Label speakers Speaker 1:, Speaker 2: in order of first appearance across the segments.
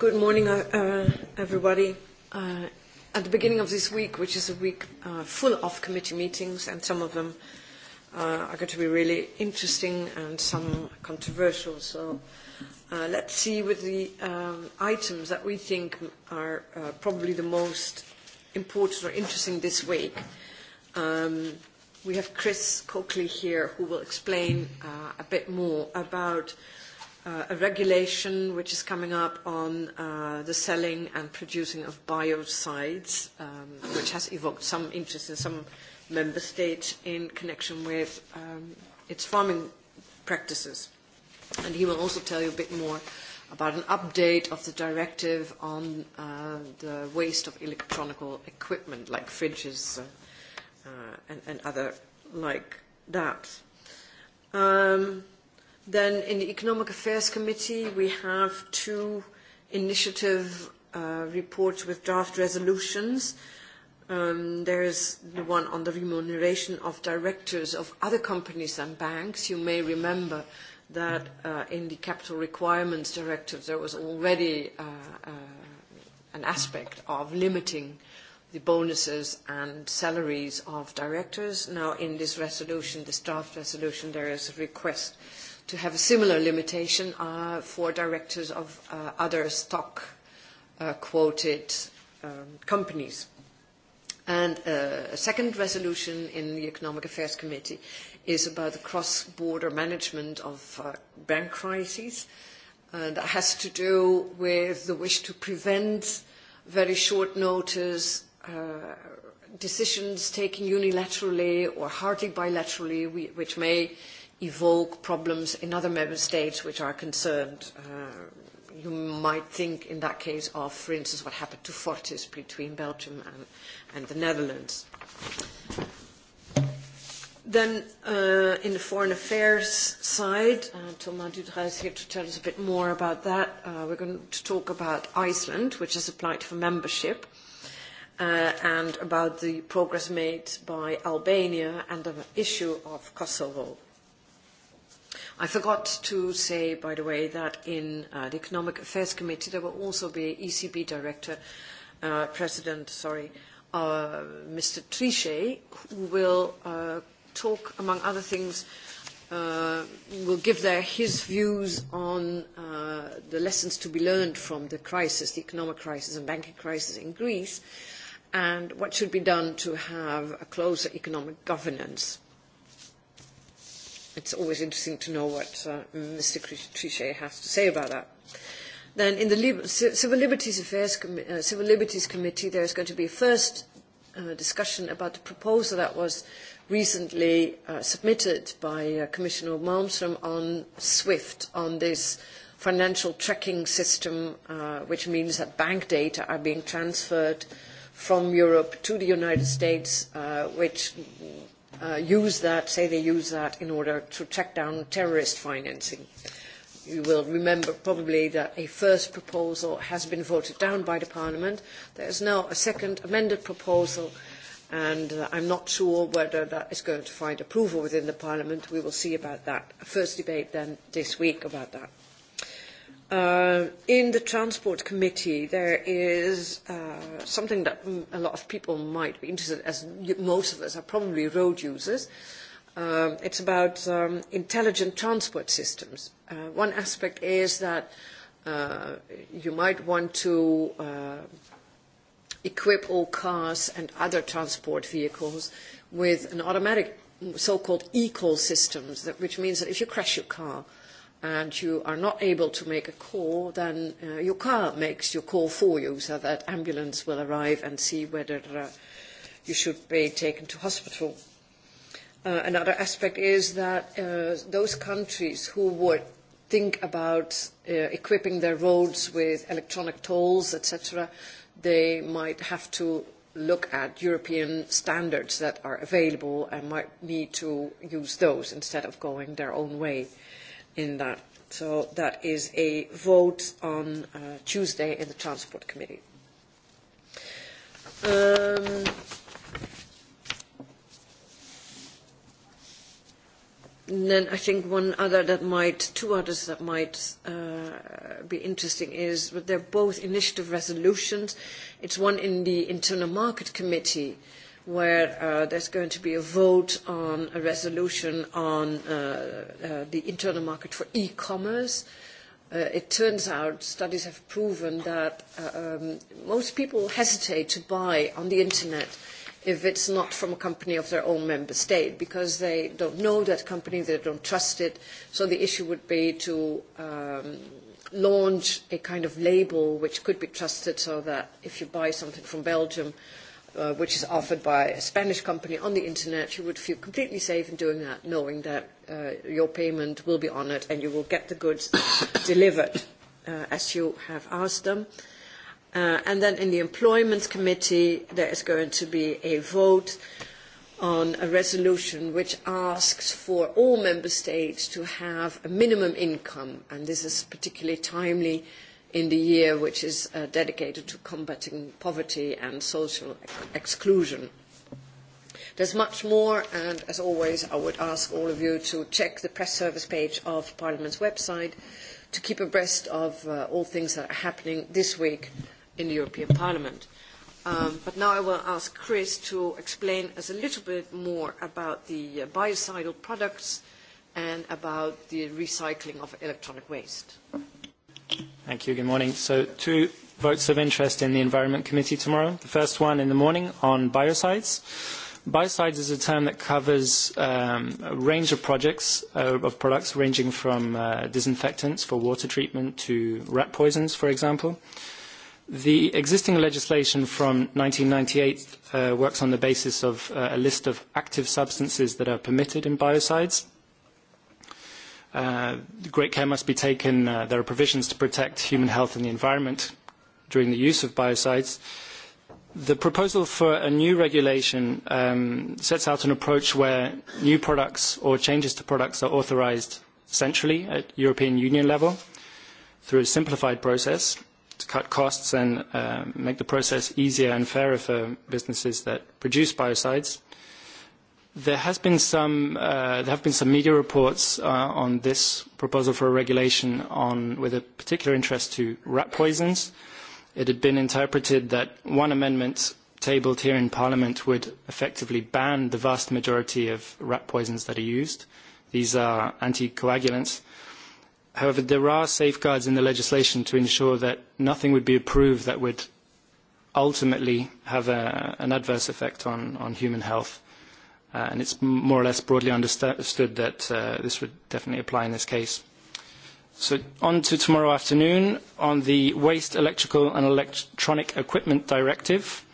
Speaker 1: Good morning, everybody. At the beginning of this week, which is a week full of committee meetings, and some of them are going to be really interesting and some controversial. So let's see with the items that we think are probably the most important or interesting this week. We have Chris Coakley here who will explain a bit more about a regulation which is coming up on the selling and producing of biocides, which has evoked some interest in some member states in connection with its farming practices. And he will also tell you a bit more about an update of the directive on the waste of electronic equipment, like fridges and other like that. Then in the Economic Affairs Committee, we have two initiative reports with draft resolutions. There is the one on the remuneration of directors of other companies than banks. You may remember that in the Capital Requirements Directive, there was already an aspect of limiting the bonuses and salaries of directors. Now, in this resolution, this draft resolution, there is a request to have a similar limitation for directors of other stock quoted companies. And a second resolution in the Economic Affairs Committee is about the cross-border management of bank crises. That has to do with the wish to prevent very short notice decisions taken unilaterally or hardly bilaterally, which may evoke problems in other member states which are concerned. You might think in that case of, for instance, what happened to Fortis between Belgium and the Netherlands. Then, in the foreign affairs side, Thomas Dudra is here to tell us a bit more about that. We're going to talk about Iceland, which has applied for membership, and about the progress made by Albania and the issue of Kosovo. I forgot to say, by the way, that in the Economic Affairs Committee there will also be ECB Director, President, sorry, Mr. Trichet, who will talk, among other things, will give there his views on the lessons to be learned from the crisis, the economic crisis and banking crisis in Greece, and what should be done to have a closer economic governance. It's always interesting to know what Mr. Trichet has to say about that. Then in the Civil Liberties Affairs Civil Liberties Committee, there is going to be a first discussion about the proposal that was recently submitted by Commissioner Malmström on SWIFT, on this financial tracking system, which means that bank data are being transferred from Europe to the United States, which use that, say they use that in order to track down terrorist financing. You will remember probably that a first proposal has been voted down by the Parliament. There is now a second amended proposal, and I'm not sure whether that is going to find approval within the Parliament. We will see about that. first debate then this week about that. In the Transport Committee, there is something that a lot of people might be interested, as most of us are probably road users. It's about intelligent transport systems. One aspect is that you might want to equip all cars and other transport vehicles with an automatic so-called e-call systems, which means that if you crash your car, and you are not able to make a call, then your car makes your call for you so that ambulance will arrive and see whether you should be taken to hospital. Another aspect is that those countries who would think about equipping their roads with electronic tolls, etc., they might have to look at European standards that are available and might need to use those instead of going their own way in that. So that is a vote on Tuesday in the Transport Committee. Then I think one other that might, two others that might be interesting is, but they're both initiative resolutions. It's one in the Internal Market Committee where there's going to be a vote on a resolution on the internal market for e-commerce. It turns out, studies have proven that most people hesitate to buy on the internet if it's not from a company of their own member state because they don't know that company, they don't trust it. So the issue would be to launch a kind of label which could be trusted so that if you buy something from Belgium, which is offered by a Spanish company on the internet, you would feel completely safe in doing that, knowing that your payment will be honoured and you will get the goods delivered as you have asked them. And then in the Employment Committee, there is going to be a vote on a resolution which asks for all member states to have a minimum income, and this is particularly timely in the year which is dedicated to combating poverty and social exclusion. is much more, and as always, I would ask all of you to check the press service page of Parliament's website to keep abreast of all things that are happening this week in the European Parliament. But now I will ask Chris to explain us a little bit more about the biocidal products and about the recycling of electronic waste.
Speaker 2: Thank you. Good morning. So two votes of interest in the Environment Committee tomorrow. The first one in the morning on biocides. Biocides is a term that covers a range of projects, of products ranging from disinfectants for water treatment to rat poisons, for example. The existing legislation from 1998 works on the basis of a list of active substances that are permitted in biocides Great care must be taken. There are provisions to protect human health and the environment during the use of biocides. The proposal for a new regulation sets out an approach where new products or changes to products are authorised centrally at European Union level through a simplified process to cut costs and make the process easier and fairer for businesses that produce biocides. There has been some there have been some media reports on this proposal for a regulation on with a particular interest to rat poisons. It had been interpreted that one amendment tabled here in Parliament would effectively ban the vast majority of rat poisons that are used. These are anticoagulants. However, there are safeguards in the legislation to ensure that nothing would be approved that would ultimately have an adverse effect on human health and it's more or less broadly understood that this would definitely apply in this case. So on to tomorrow afternoon on the Waste Electrical and Electronic Equipment Directive.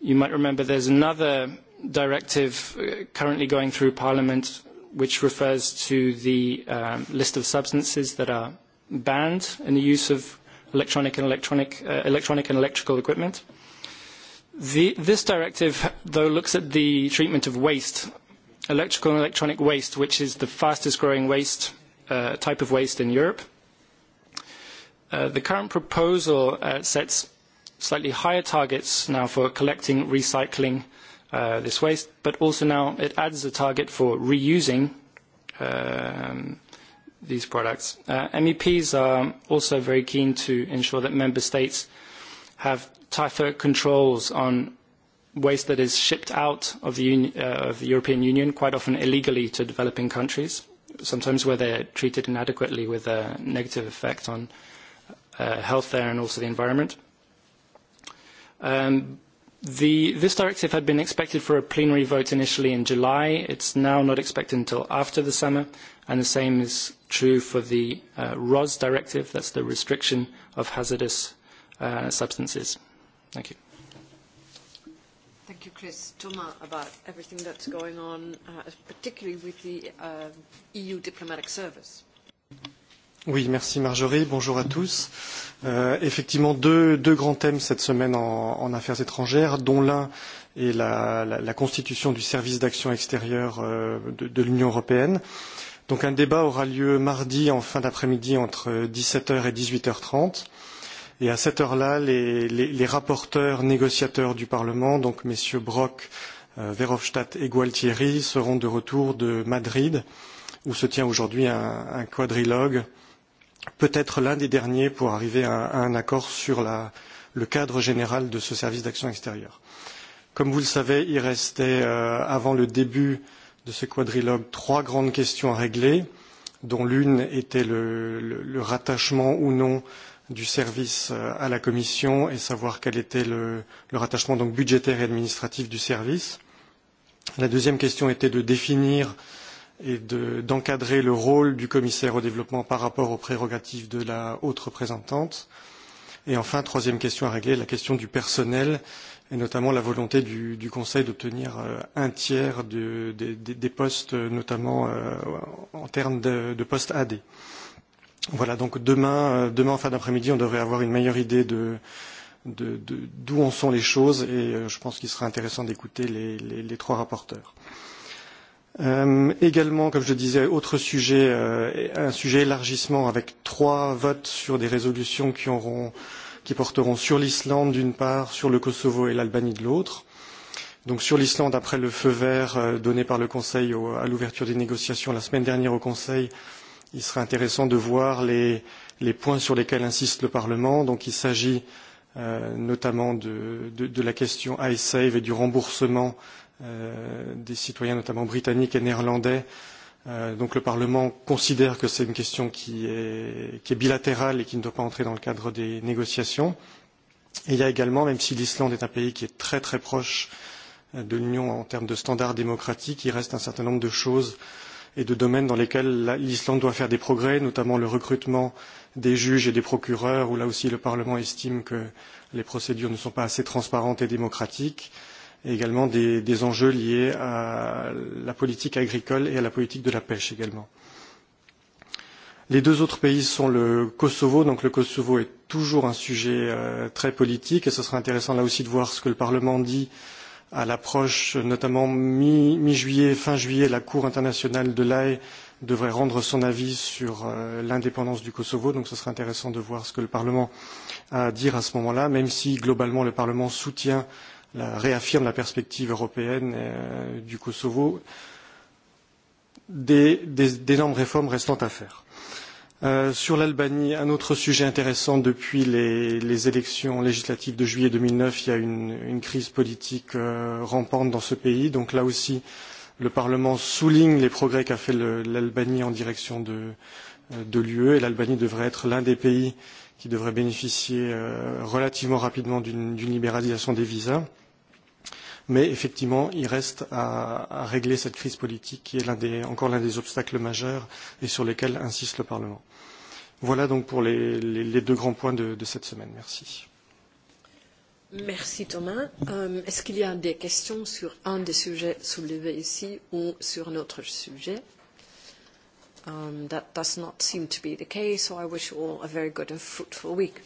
Speaker 2: You might remember there's another directive currently going through Parliament which refers to the list of substances that are banned in the use of electronic and electronic and electrical equipment. This directive, though, looks at the treatment of waste, electrical and electronic waste, which is the fastest growing waste type of waste in Europe. The current proposal sets slightly higher targets now for collecting, recycling this waste, but also now it adds a target for reusing these products. MEPs are also very keen to ensure that member states have tighter controls on waste that is shipped out of the European Union, quite often illegally to developing countries, sometimes where they are treated inadequately with a negative effect on health there and also the environment. This directive had been expected for a plenary vote initially in July. It's now not expected until after the summer, and the same is true for the ROS directive, that's the restriction of hazardous substances. Thank you.
Speaker 1: Thank you, Chris. Thomas, about everything that's going on, particularly with the EU diplomatic service.
Speaker 3: Oui, merci Marjorie. Bonjour à tous. Effectivement, deux deux grands thèmes cette semaine en affaires étrangères, dont l'un est la constitution du service d'action extérieure de l'Union européenne. Donc un débat aura lieu mardi en fin d'après-midi entre 17h et 18h30 Et à cette heure-là, les rapporteurs négociateurs du Parlement, donc messieurs Brock, Verhofstadt et Gualtieri, seront de retour de Madrid, où se tient aujourd'hui un quadrilogue, peut-être l'un des derniers pour arriver à un accord sur le cadre général de ce service d'action extérieure. Comme vous le savez, il restait, avant le début de ce quadrilogue, trois grandes questions à régler, dont l'une était le rattachement ou non du service à la Commission et savoir quel était le rattachement donc budgétaire et administratif du service. La deuxième question était de définir et d'encadrer le rôle du commissaire au développement par rapport aux prérogatives de la haute représentante. Et enfin, troisième question à régler, la question du personnel et notamment la volonté du Conseil d'obtenir un tiers des postes, notamment en termes de postes AD. Voilà, donc demain, demain en fin d'après-midi, on devrait avoir une meilleure idée de d'où en sont les choses et je pense qu'il sera intéressant d'écouter les, les, les trois rapporteurs. également, comme je disais, autre sujet, un sujet élargissement avec trois votes sur des résolutions qui, auront, qui porteront sur l'Islande d'une part, sur le Kosovo et l'Albanie de l'autre. Donc sur l'Islande, après le feu vert donné par le Conseil à l'ouverture des négociations la semaine dernière au Conseil, il serait intéressant de voir les points sur lesquels insiste le Parlement. Donc il s'agit notamment de la question iSave et du remboursement des citoyens, notamment britanniques et néerlandais. Donc le Parlement considère que c'est une question qui est bilatérale et qui ne doit pas entrer dans le cadre des négociations. Il y a également, même si l'Islande est un pays qui est très très proche de l'Union en termes de standards démocratiques, il reste un certain nombre de choses et de domaines dans lesquels l'Islande doit faire des progrès, notamment le recrutement des juges et des procureurs, où là aussi le Parlement estime que les procédures ne sont pas assez transparentes et démocratiques, et également des enjeux liés à la politique agricole et à la politique de la pêche également. Les deux autres pays sont le Kosovo. Donc le Kosovo est toujours un sujet très politique et ce sera intéressant là aussi de voir ce que le Parlement dit à l'approche notamment mi-juillet, fin juillet, la Cour internationale de l'AE devrait rendre son avis sur l'indépendance du Kosovo. Donc ce sera intéressant de voir ce que le Parlement a à dire à ce moment-là, même si globalement le Parlement soutient, réaffirme la perspective européenne du Kosovo, d'énormes réformes restant à faire. Sur l'Albanie, un autre sujet intéressant depuis les élections législatives de juillet 2009, il y a une crise politique rampante dans ce pays. Donc là aussi, le Parlement souligne les progrès qu'a fait l'Albanie en direction de l'UE. Et l'Albanie devrait être l'un des pays qui devrait bénéficier relativement rapidement d'une libéralisation des visas. Mais effectivement, il reste à régler cette crise politique qui est encore l'un des obstacles majeurs et sur lesquels insiste le Parlement. Voilà donc pour les deux grands points de cette semaine. Merci.
Speaker 1: Merci Thomas. Est-ce qu'il y a des questions sur un des sujets soulevés ici ou sur un autre sujet That does not seem to be the case, so I wish all a very good and fruitful
Speaker 2: week.